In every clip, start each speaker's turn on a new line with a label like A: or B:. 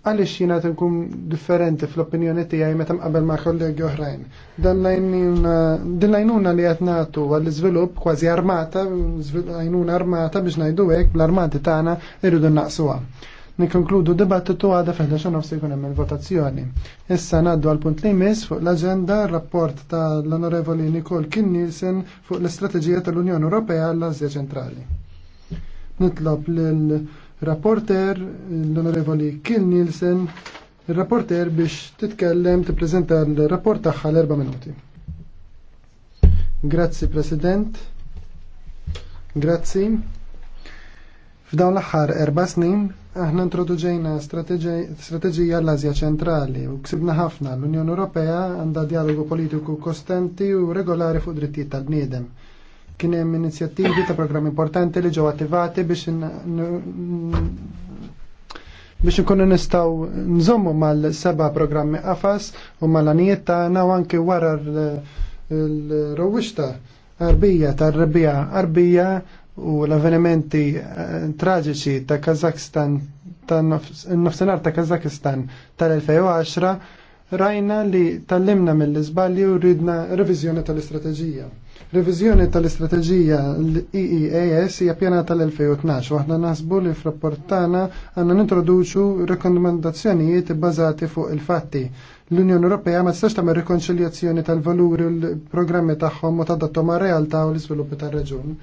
A: għalix jina tkun differenti fl-opinjoni għaj meta mqabel ma' kollegi oħrajn. Dan lajnuna li għatnatu għall-izvilup kważi armata, lajnuna armata biex najdu għek bl-armati tagħna irridu għam. Nikonkludu dibattitu għada fħedda xan nofsi jkun hemm il-votazzjoni. Issa ngħaddu għal punt li jmiss fuq l-aġenda rapport tal-Onorevoli Nicole Kinnilsen fuq l-Istrateġija tal-Unjoni Ewropea għall azja Ċentrali. Nitlob -l rapporter l-onorevoli Kil Nielsen, il-rapporter biex titkellem tippreżenta l-rapport tagħha l-erba' minuti. Grazzi President. Grazzi. F'dawn l-aħħar erba' snin aħna introduġejna strateġija l-Azja ċentrali u ksibna ħafna l-Unjoni Ewropea għandha dialogu politiku kostanti u regolari fuq drittijiet tal-bniedem. Kien hemm inizjattivi ta' programmi importanti li ġew attivati biex biex nkunu nistgħu nżommu mal-seba' programmi qafas u mal-anijiet tagħna u anke wara l-rowwixta arbija tar-rebija arbija u l-avvenimenti eh, traġiċi ta' Kazakhstan, tan nofsinhar ta' Kazakistan tal-2010 rajna li tallimna mill-iżbalji u ridna reviżjoni tal-istrateġija. Revizjoni tal-istrateġija l-EEAS hija pjena tal-2012 u aħna naħsbu li f'rapportana għandna nintroduċu rekomendazzjonijiet bbażati fuq il-fatti. L-Unjoni Ewropea ma tistax tagħmel rikonċiljazzjoni tal-valuri u l-programmi tagħhom u tadattom ma' realtà u l-iżviluppi tar-reġun.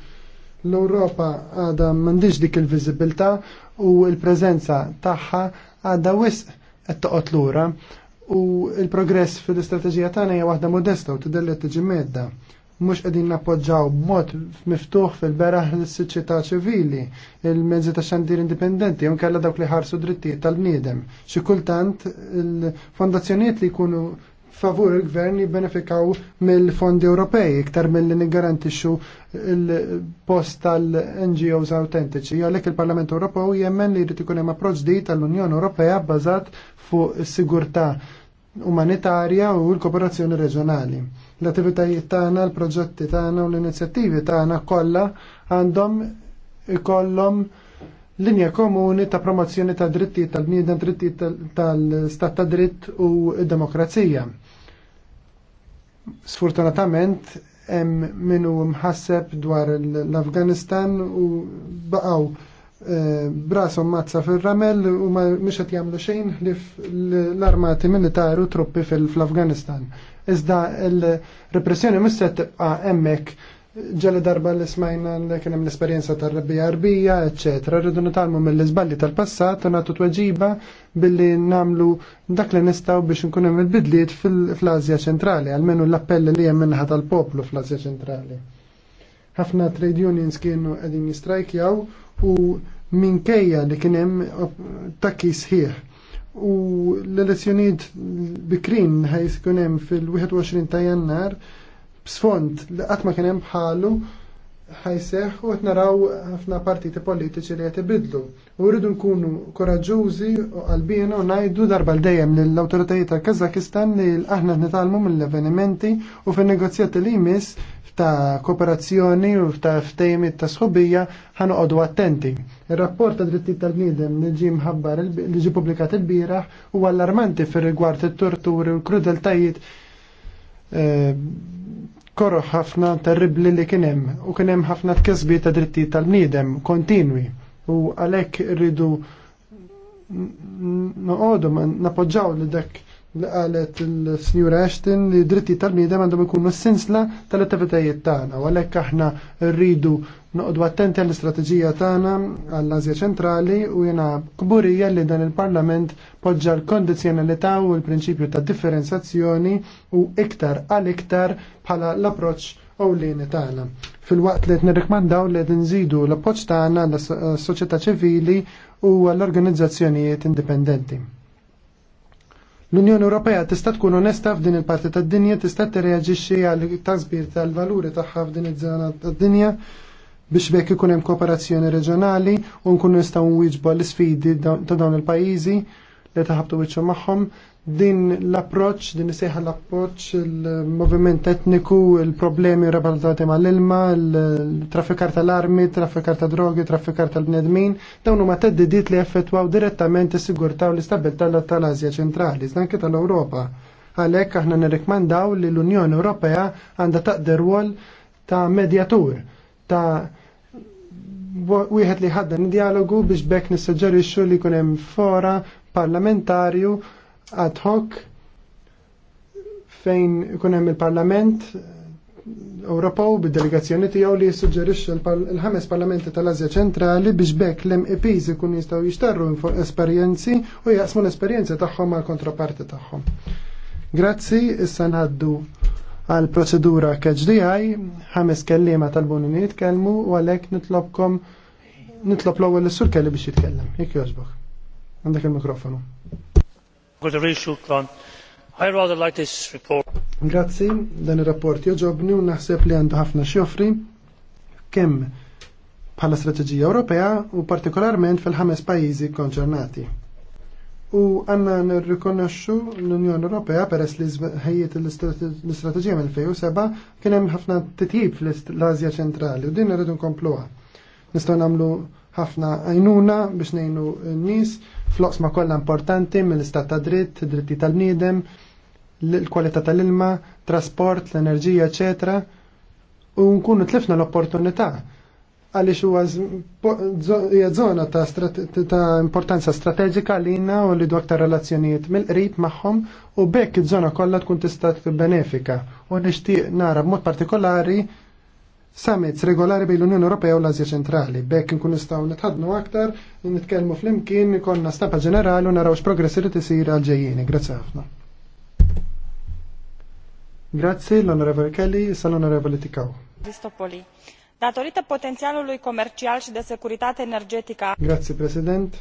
A: L-Ewropa għadha m'għandix dik il-viżibilità u l-preżenza tagħha għadha wisq qed toqgħod lura u l-progress fil-istrateġija tagħna hija waħda modesta u tidellet tiġi medda mhux qegħdin nappoġġaw b'mod miftuħ fil-beraħ l-soċjetà ċivili, il-mezzi ta' xandir indipendenti, jew kalla dawk li ħarsu drittijiet tal nidem Xi kultant il-fondazzjonijiet li jkunu favur il-gvern jibbenefikaw mill-fondi Ewropej iktar mill-li nigarantixxu il-post tal-NGOs autentiċi. Għalhekk il-Parlament Ewropew jemmen li jrid ikun hemm approċċ tal-Unjoni Ewropea bbażat fuq is-sigurtà umanitarja u l-kooperazzjoni reġjonali. L-attivitajiet tagħna, l-proġetti tagħna u l-inizjattivi tagħna kollha għandhom ikollhom linja komuni ta' promozzjoni ta' drittijiet tal-bniedem, dritti tal-stat ta' dritt u demokrazija. Sfortunatament, hemm hu mħasseb dwar l-Afganistan u baqaw eh, brasom mazza fil-ramel u ma mxet jamlu xejn l-armati militari u truppi fil-Afganistan. Iżda l-repressjoni mhux se tibqa' hemmhekk ġeli darba li smajna li kien hemm l-esperjenza tar-rebbija arbija, eċetera. Rridu nitalmu mill-iżballi tal-passat u nagħtu tweġiba billi nagħmlu dak li nistgħu biex nkun hemm il-bidliet fl-Asja ċentrali, għalmenu l-appell li hemm minnaħa tal-poplu fl-Asja ċentrali. Ħafna trade unions kienu qegħdin jistrajkjaw u minkejja li kien hemm takki sħiħ u l-elezzjonijiet bikrin ħajs hemm fil-21 ta' jannar b'sfond li qatt ma kien hemm bħalu ħajseħ u naraw ħafna partiti politiċi li qed ibidlu. U rridu nkunu koraġġużi u għalbina u ngħidu darba l dejjem lill-awtoritajiet ta' Kazakistan li aħna nitalmu mill-avvenimenti u fin-negozjati li jmiss ta' kooperazzjoni u ta' ftejmi ta' sħubija ħanoqogħdu attenti. Ir-rapport ta' dritti tal bnidem li ġie mħabbar li ġie pubblikat il-bieraħ u allarmanti fir-rigward it-torturi u l-krudeltajiet eh, korro ħafna terribli li kienem u kienem ħafna tkisbi ta' dritti tal-bniedem kontinwi u għalek rridu noqodu napoġġaw li dak li qalet il snjur Ashton li dritti tal-bniedem għandhom ikunu s-sinsla tal-attivitajiet tagħna, għalhekk aħna rridu noqdu attenti għall-istrateġija tagħna għall azja ċentrali u jiena kburija li dan il-Parlament poġġa l-kondizzjonalità u l-prinċipju ta' differenzjazzjoni u iktar għal iktar bħala l-approċċ ewlieni tagħna. Fil-waqt li qed nirrikmandaw li qed nżidu l-appoġġ tagħna għall-soċjetà ċivili u għall-organizzazzjonijiet indipendenti. L-Unjoni Ewropea tista' tkun onesta f'din il-parti tad-dinja, tista' tirreaġixxi għal tasbir tal-valuri tagħha f'din iż-żona tad-dinja biex bekk ikun hemm kooperazzjoni reġjonali u nkunu nistgħu nwieġbu l-isfidi ta' dawn il-pajjiżi li taħabtu wiċċhom magħhom din l-approċ, din sejħa l-approċ, il-moviment etniku, il-problemi ma mal ilma il-traffikar tal-armi, traffikar ta' drogi, traffikar tal-bnedmin, dawn huma teddidiet li effettwaw direttament is-sigurtà u l istabilta tal azja ċentrali, anke tal-Ewropa. Għalhekk aħna nirrikmandaw li l-Unjoni Ewropea għandha taqder wol ta' medjatur, ta' wieħed li ħaddan dialogu biex bekk nissuġġerixxu li jkun hemm fora parlamentarju ad hoc fejn ikun hemm il-Parlament Ewropew bid-delegazzjoni tiegħu li jissuġġerixxi l-ħames parlamenti tal-Asja ċentrali biex bekk l-MEPs ikun jistgħu jixtarru esperjenzi u jaqsmu l-esperjenzi tagħhom mal kontraparti tagħhom. Grazzi, issa ngħaddu għal proċedura KHDI, ħames kellima tal-buni li jitkellmu u għalhekk nitlobkom nitlob l-ewwel is-sur kelli biex jitkellem. Jekk jogħġbok. Għandek il-mikrofonu. Grazzi, dan ir-rapport joġobni u naħseb li għandu ħafna xjofri kemm bħala strateġija Ewropea u partikolarment fil-ħames pajjiżi konċernati. U għanna nirrikonoxxu l-Unjoni Ewropea peress li ħejjiet l-istrateġija mill-2007 kien hemm ħafna titjib fl azja ċentrali u din irridu nkompluha. Nistgħu nagħmlu ħafna għajnuna biex ngħinu n-nies ma' kollha importanti mill-istat ta' dritt, dritti tal-bniedem, l-kwalità tal-ilma, trasport, l-enerġija, eċetera. U nkunu tlifna l-opportunità għaliex huwa zona ta', ta importanza strateġika għalina u li aktar relazzjonijiet mill-qrib magħhom u bekk iż-żona kollha tkun tista' benefika u nixtieq nara b'mod partikolari summits regolari bejn l-Unjoni Ewropea u l-Azja Ċentrali. Bekk nkun nistgħu nitħadnu aktar, nitkellmu flimkien, ikonna stapa ġenerali u naraw x'progress irid isir għal ġejjieni. Grazzi ħafna. Grazzi l-Onorevoli Kelly, sal l-Onorevoli Tikaw. Cristopoli. Datorita potențialului comercial și de sekuritate enerġetika. Grazzi President.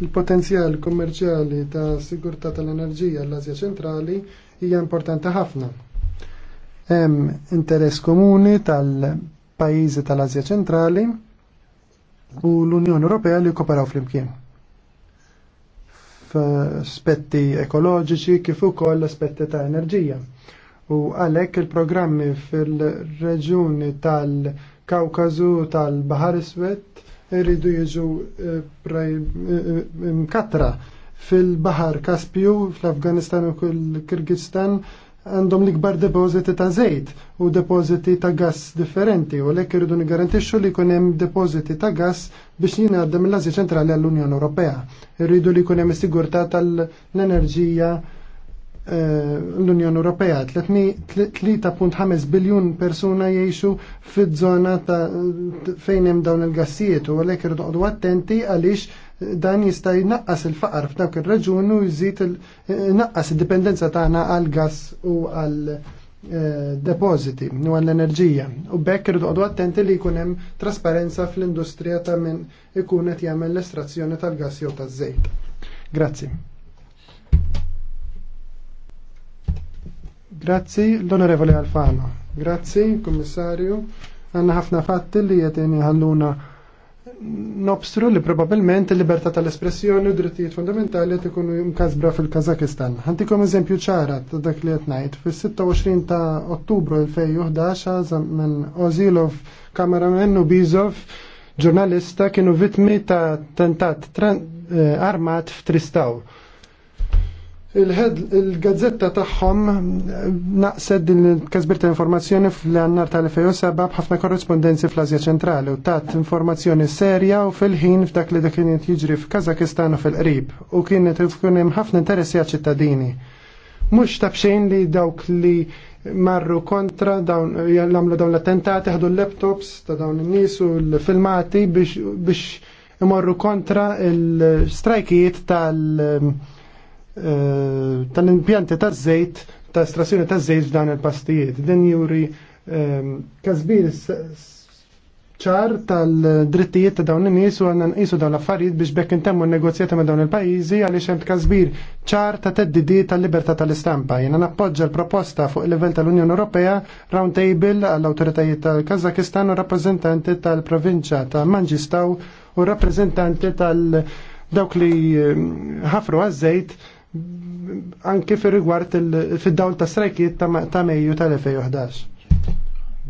A: Il potenzjal kommerċjali ta' sigurtà tal-enerġija l-Azja ċentrali hija importanti ħafna Hemm interess komuni tal-pajjiżi tal-Asja ċentrali u l-Unjoni Ewropea li jkoperaw flimkien. F'aspetti ekoloġiċi kif ukoll aspetti ta' enerġija. U għalhekk il-programmi fil-reġjuni tal-Kawkażu tal bahar Iswed irridu jiġu eh, eh, eh, mkatra fil-Bahar Kaspju, fl-Afganistan u l-Kirgistan għandhom l-ikbar depożiti ta' żejt u depożiti ta' gass differenti u lek irridu nigarantixxu li jkun hemm depożiti ta' gass biex jingħadda l asja ċentrali għall-Unjoni Ewropea. Irridu li jkun hemm sigurtà tal-enerġija Eh, l-Unjoni Ewropea. 3.5 biljun persuna jgħixu fiż-żona fejn hemm dawn il-gassijiet u għalhekk irdoqgħu attenti għaliex dan jista' jnaqqas il-faqar f'dawk ir-raġun u jżid naqqas id-dipendenza tagħna għall gass u għal eh, depositi u għall-enerġija. U bekk irdoqgħu attenti li jkun hemm trasparenza fl-industrija ta' min ikun qed jagħmel l-estrazzjoni tal-gass jew taż-żejt. Grazzi. Grazzi, l-Onorevole Alfano. Grazzi, Kommissarju. Għanna ħafna fatti li jeteni għalluna nobstru li probabilment il-libertà tal-espressjoni u drittijiet fundamentali qed ikunu mkazbra fil-Kazakistan. Ħantikom eżempju ċara ta' dak li qed ngħid. Fis-26 ta' Ottubru 2011 minn Ozilov kameramen u Bizov ġurnalista kienu vittmi ta' tentat eh, armat f'Tristaw Il-gazzetta tagħhom eh, naqset din il informazzjoni fl-annar tal-2007 bħafna korrespondenzi fl-Azja ċentrali u tat informazzjoni serja u fil-ħin f'dak li dak kienet jiġri f'Kazakistan u fil-qrib u kienet tkun hemm ħafna interessi għaċ-ċittadini. Mhux tabxejn li dawk li marru kontra dawn jagħmlu dawn l-attentati ħadu l-laptops ta' dawn in-nies u l-filmati biex imorru kontra l-strajkijiet tal- tal-impjanti ta' żejt ta' estrazzjoni ta' żejt f'dan il-pastijiet. Din juri ehm, kazbir ċar tal-drittijiet ta' dawn in-nies u għandna nqisu dawn l-affarijiet biex bekk intemmu n-negozjati ma' dawn il-pajjiżi għaliex hemm kazbir ċar ta' teddidi tal-libertà tal-istampa. Jiena nappoġġa l-proposta fuq il-livell tal-Unjoni Ewropea round table għall-awtoritajiet tal-Kazakistan u rappreżentanti tal-provinċja ta' Manġistaw u rappreżentanti tal- dawk li ehm, ħafru għaż anki fi rigward fi dawl ta' strajkiet ta' Mejju tal-2011.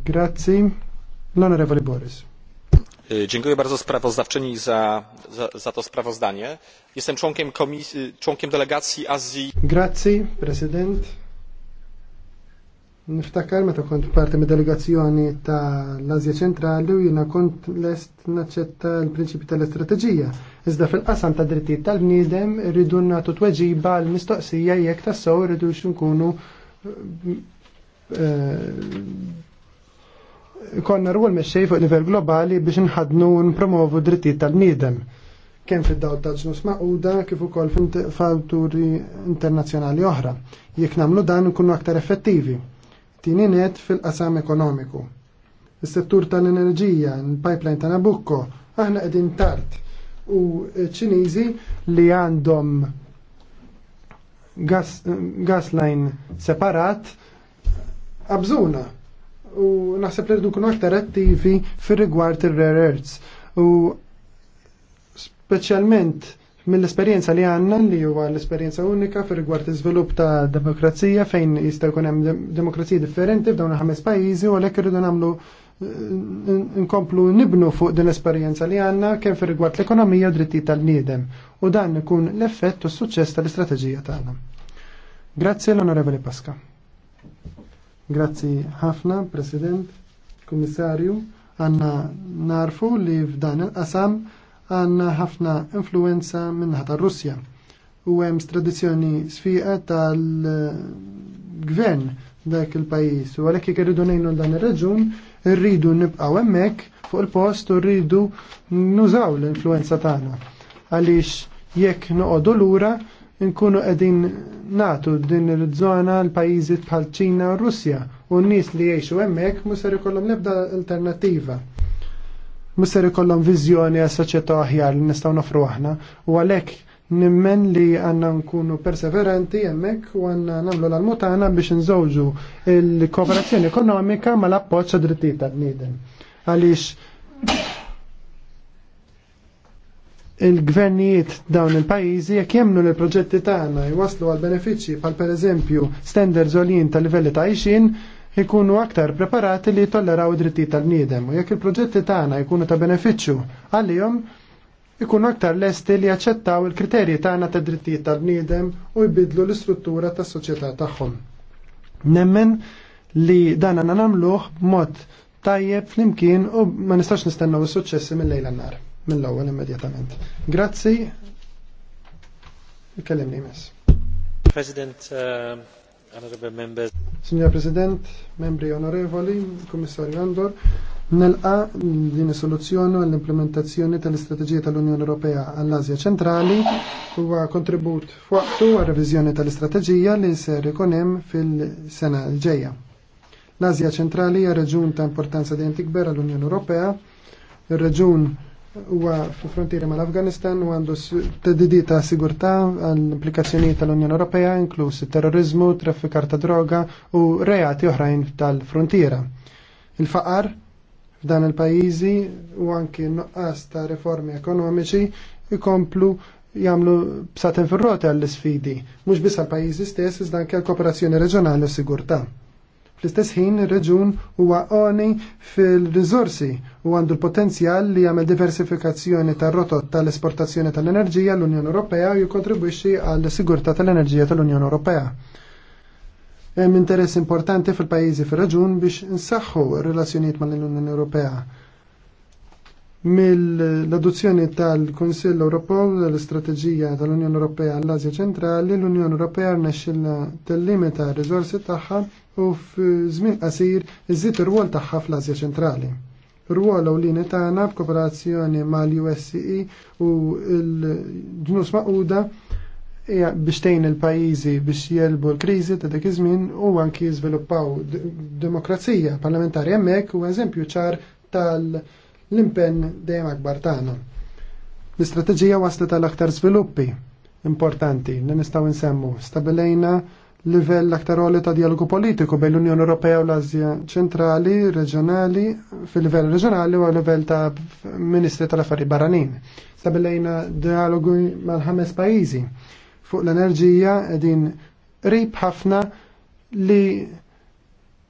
A: Grazzi, l-Onorevoli Boris. E, dziękuję bardzo sprawozdawczyni za, za, za to sprawozdanie. Jestem członkiem, komis- członkiem delegacji Azji. Grazie, prezydent. Niftakar meta kont parti mid delegazzjoni ta' l-Azja ċentrali u jina kont lest naċċetta l-prinċipi tal-istrateġija. Iżda fil-qasam ta' drittijiet tal-bniedem rridu nagħtu tweġiba l mistoqsija jekk tassew irridu nkunu eh, konna rwol mexxej fuq livell globali biex nħadnu npromovu drittijiet tal-bniedem kemm fid-dawl ta' ġnus maquda kif ukoll f'awturi internazzjonali oħra. Jekk nagħmlu dan nkunu aktar effettivi tininet fil-qasam ekonomiku. Is-settur tal-enerġija, il-pipeline ta' Nabucco, aħna qegħdin tard u ċiniżi li għandhom gas, gas line separat abżuna u naħseb li rridu kunu aktar attivi fir rigward ir-rare earths u speċjalment Mill-esperjenza li għanna li huwa l-esperjenza unika fir rigward iżvilupp ta' demokrazija fejn jista' jkun hemm demokrazija differenti f'dawn ħames pajjiżi u għalhekk irridu nagħmlu eh, nkomplu nibnu fuq din l-esperjenza li għanna kemm fir rigward l-ekonomija u drittijiet tal-niedem u dan ikun l-effett u s-suċċess tal-istrateġija tagħna. Grazzi l-Onorevoli Pasqa. Grazzi ħafna, President, Kummissarju, għanna narfu li f'dan il-qasam għandna ħafna influenza minnaħa tar Russja. U hemm tradizjoni sfiqa tal-gvern dak il-pajjiż. U għalhekk jekk rridu ngħinu dan ir reġun rridu nibqgħu hemmhekk fuq il-post u rridu nużaw l-influenza tagħna. Għaliex jekk noqogħdu lura nkunu qegħdin natu din il żona l-pajjiżi bħal Ċina u Russja u n-nies li jgħixu hemmhekk mhux ser ikollhom l-ebda alternattiva mister ikollhom viżjoni għas soċjetà aħjar li nistgħu nofru aħna u għalhekk nimmen li għandna nkunu perseverenti hemmhekk u għanna nagħmlu l-almutana biex nżawġu l-kooperazzjoni ekonomika mal-appoġġ drittijiet ta' bniedem Għaliex il-gvernijiet dawn il-pajizi jekk jemnu l proġetti tagħna jwaslu għal benefiċċji bħal pereżempju standards għolin tal livelli ta' ixin, ikunu aktar preparati li jtolleraw id-dritti tal nidem u jekk il-proġetti tagħna jkunu ta' benefiċċju għalihom ikunu aktar lesti li jaċċettaw il-kriterji tagħna ta' dritti tal-bniedem u jbidlu l-istruttura tas-soċjetà tagħhom. Nemmen li dan għandna nagħmluh b'mod tajjeb flimkien u ma nistax nistennaw is-suċċessi mill-lejla nar mill-ewwel immedjatament. Grazzi. Ikkellimni mess. President, uh... Signor President, membri onorevoli, commissario Andor, Nelqa din soluzzjonu l-implementazzjoni tal-istrateġija tal-Unjoni Ewropea għall-Asja ċentrali huwa kontribut f'waqtu għal reviżjoni tal-istrateġija li ser ikun fil-sena l-ġejja. L-Asja ċentrali hija reġun ta' importanza dejjem tikber għall-Unjoni Ewropea, huwa fil-frontiera mal-Afganistan u għandu tedidi ta' sigurtà għall-implikazzjonijiet tal-Unjoni Ewropea, inkluż terrorizmu, traffikar ta' droga u reati oħrajn tal-frontiera. Il-faqar f'dan il-pajjiżi u anki noqqas ta' riformi ekonomiċi ikomplu jagħmlu bsaten fir-rota għall-sfidi, mhux biss għall-pajjiżi stess iżda anke għall-kooperazzjoni reġjonali u sigurtà. Fl-istess ħin ir-reġun huwa għoni fil-riżorsi u għandu l-potenzjal li jagħmel diversifikazzjoni tar-rotot tal-esportazzjoni tal-enerġija l-Unjoni Ewropea u jikkontribwixxi għall-sigurtà tal-enerġija tal-Unjoni Ewropea hemm interess importanti fil-pajjiżi fir-raġun biex insaħħu r-relazzjonijiet mal-Unjoni Ewropea Mill-adozzjoni tal kunsill Ewropew l-Istrateġija tal-Unjoni Ewropea għall-Asja Ċentrali, l-Unjoni Ewropea rnexxilna tellimita r-riżorsi tagħha u f'żmien qasir iżid ir-rwol tagħha fl-Asja Ċentrali. Rwol ewlieni tagħna b'kooperazzjoni mal-USCE u l-ġnus maquda biex tgħin il-pajjiżi biex jelbu l-kriżi ta' dak iż-żmien u anki jiżviluppaw demokrazija parlamentari hemmhekk u eżempju ċar tal- l-impenn dejjem akbar tagħna. L-istrateġija waslet għal aktar sviluppi importanti li nistgħu nsemmu. Stabilejna livell aktar għoli ta' dialogu politiku bejn l-Unjoni Ewropea u l-Azja ċentrali, reġjonali, fil-livell reġjonali u livell ta' ministri tal-affari barranin. Stabilejna dialogu mal-ħames pajjiżi fuq l-enerġija qegħdin rib ħafna li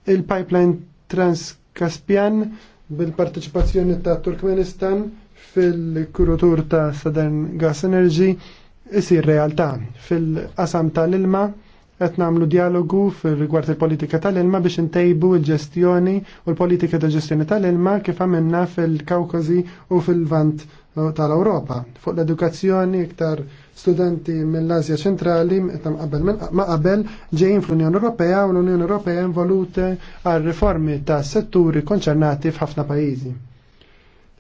A: il-pipeline trans kaspian bil-parteċipazzjoni ta' Turkmenistan fil-kurutur ta' Southern Gas Energy isir realtà fil-qasam tal-ilma qed nagħmlu dialogu rigward il-politika tal-ilma biex intejbu l-ġestjoni u l-politika ta' ġestjoni tal-ilma kif għamilna fil-Kawkazi u fil-Vant tal-Ewropa. Fuq l-edukazzjoni iktar studenti mill-Azja ċentrali ma qabel ġejjin fl-Unjoni Ewropea u l-Unjoni Ewropea involute għal riformi ta' setturi konċernati f'ħafna pajjiżi.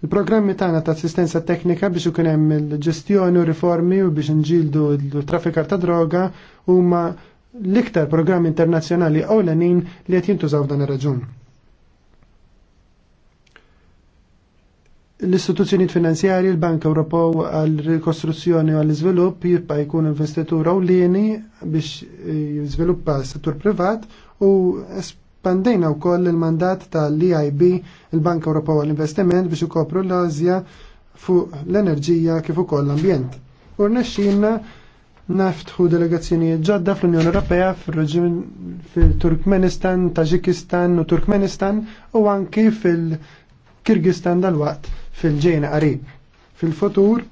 A: Il-programmi tagħna ta' assistenza teknika biex ikun hemm il-ġestjoni u riformi u biex nġildu l-traffikar ta' droga huma l-iktar programm internazzjonali ewlenin li qed jintużaw dan ir-raġun. L-istituzzjonijiet finanzjarji, l-Bank Ewropew għal rikostruzzjoni u għall-iżvilupp jibqa' jkun investitur ewlieni biex jiżviluppa s-settur privat u espandejna wkoll il-mandat tal-EIB, il-Bank Ewropew għall-Investiment biex ikopru l azja fuq l-enerġija kif ukoll l-ambjent. U naftħu delegazzjonijiet ġodda fl-Unjoni Ewropea fil-reġjun fil-Turkmenistan, Taġikistan u Turkmenistan u anki fil-Kirgistan dal-waqt fil-ġejna qarib. Fil-futur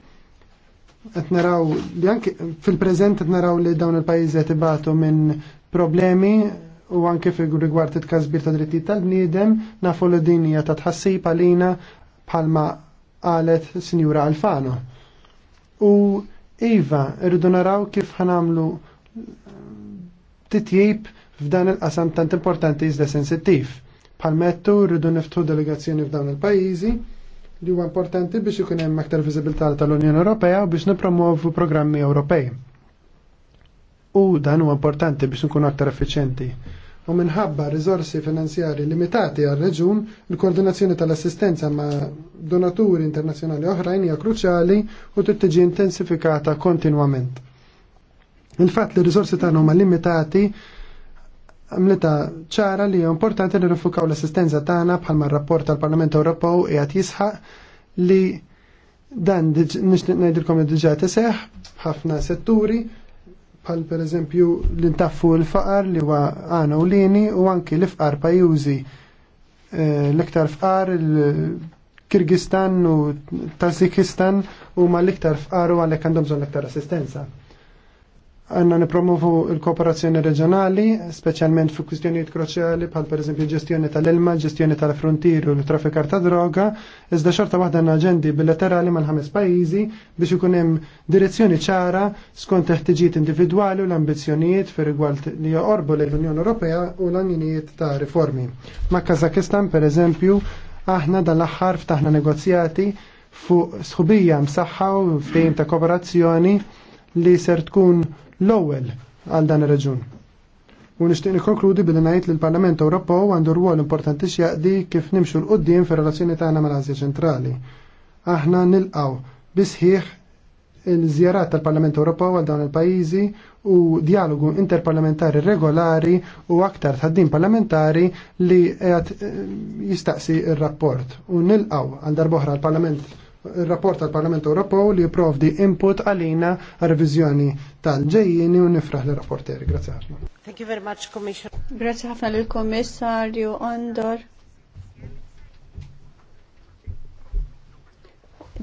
A: qed naraw li anke fil-preżent qed naraw li dawn il-pajjiżi qed ibatu minn problemi u anke fil-rigward it-każbir ta' drittijiet tal-bniedem nafu li din hija ta' tħassib għalina bħalma qalet Sinjura Alfano. U Iva, irridu naraw kif ħanamlu eh, titjib f'dan il-qasam tant importanti iżda sensittiv. Palmettu rridu niftħu delegazzjoni f'dawn il-pajjiżi li huwa importanti biex ikun hemm aktar viżibilità tal-Unjoni Ewropea u biex nippromovu programmi Ewropej. U dan huwa importanti biex nkunu aktar effiċjenti u minħabba rizorsi finanzjari limitati għal reġun il-koordinazzjoni tal-assistenza ma' donaturi internazzjonali oħrajn hija kruċjali u trid tiġi intensifikata kontinwament. Il-fatt li rizorsi tagħna huma limitati għamlita ċara li importanti li nifukaw l-assistenza tagħna bħalma r-rapport tal-Parlament Ewropew qiegħed jisħaq li dan nixtieq ngħidilkom li diġà seħ ħafna setturi bħal per eżempju l-intaffu l-faqar li huwa għana u lini u anki l-fqar pajuzi eh, l-iktar fqar pajjużi l iktar fqar l kirgistan u Tazikistan u ma l-iktar fqar u għalek għandhom l-iktar assistenza għanna nipromovu il-kooperazzjoni reġjonali, specialment fi kwistjonijiet kruċjali bħal per eżempju ġestjoni tal-ilma, ġestjoni tal frontieru u l-traffikar ta' droga, iżda xorta waħda għanna aġendi bilaterali mal-ħames pajjiżi biex ikun hemm direzzjoni ċara skont ħtiġijiet individwali u l-ambizzjonijiet fi rigward li jorbu l-Unjoni Ewropea u l-anjinijiet ta' riformi. Ma' Kazakistan per eżempju, aħna dan l-aħħar ftaħna negozjati fuq sħubija msaħħa u ftehim ta' kooperazzjoni li ser tkun l-ewwel għal dan ir-reġun. U nixtieq nikkonkludi billi ngħid li l-Parlament Ewropew għandu rwol importanti x'jaqdi kif nimxu l qudiem fir-relazzjoni tagħna mal-Asja Ċentrali. Aħna nilqgħu bisħieħ il-żjarat tal-Parlament Ewropew għal dawn il-pajjiżi u dialogu interparlamentari regolari u aktar tħaddim parlamentari li qed eh, jistaqsi ir-rapport u nilqgħu għal darboħra l-Parlament rapport tal-Parlament Ewropew li jipprovdi input għalina għal-revizjoni tal-ġejjini u nifraħ l-rapporteri. Grazie ħafna. Thank you very much, Commissioner. Grazie ħafna l komissarju Andor.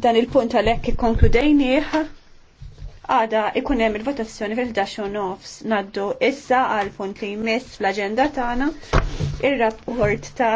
A: Dan il-punt għalhekk ikkonkludejnieh. Għada ikun hemm il-votazzjoni fil-11 nofs naddu issa għal punt li jmiss fl agenda tagħna ir-rapport ta'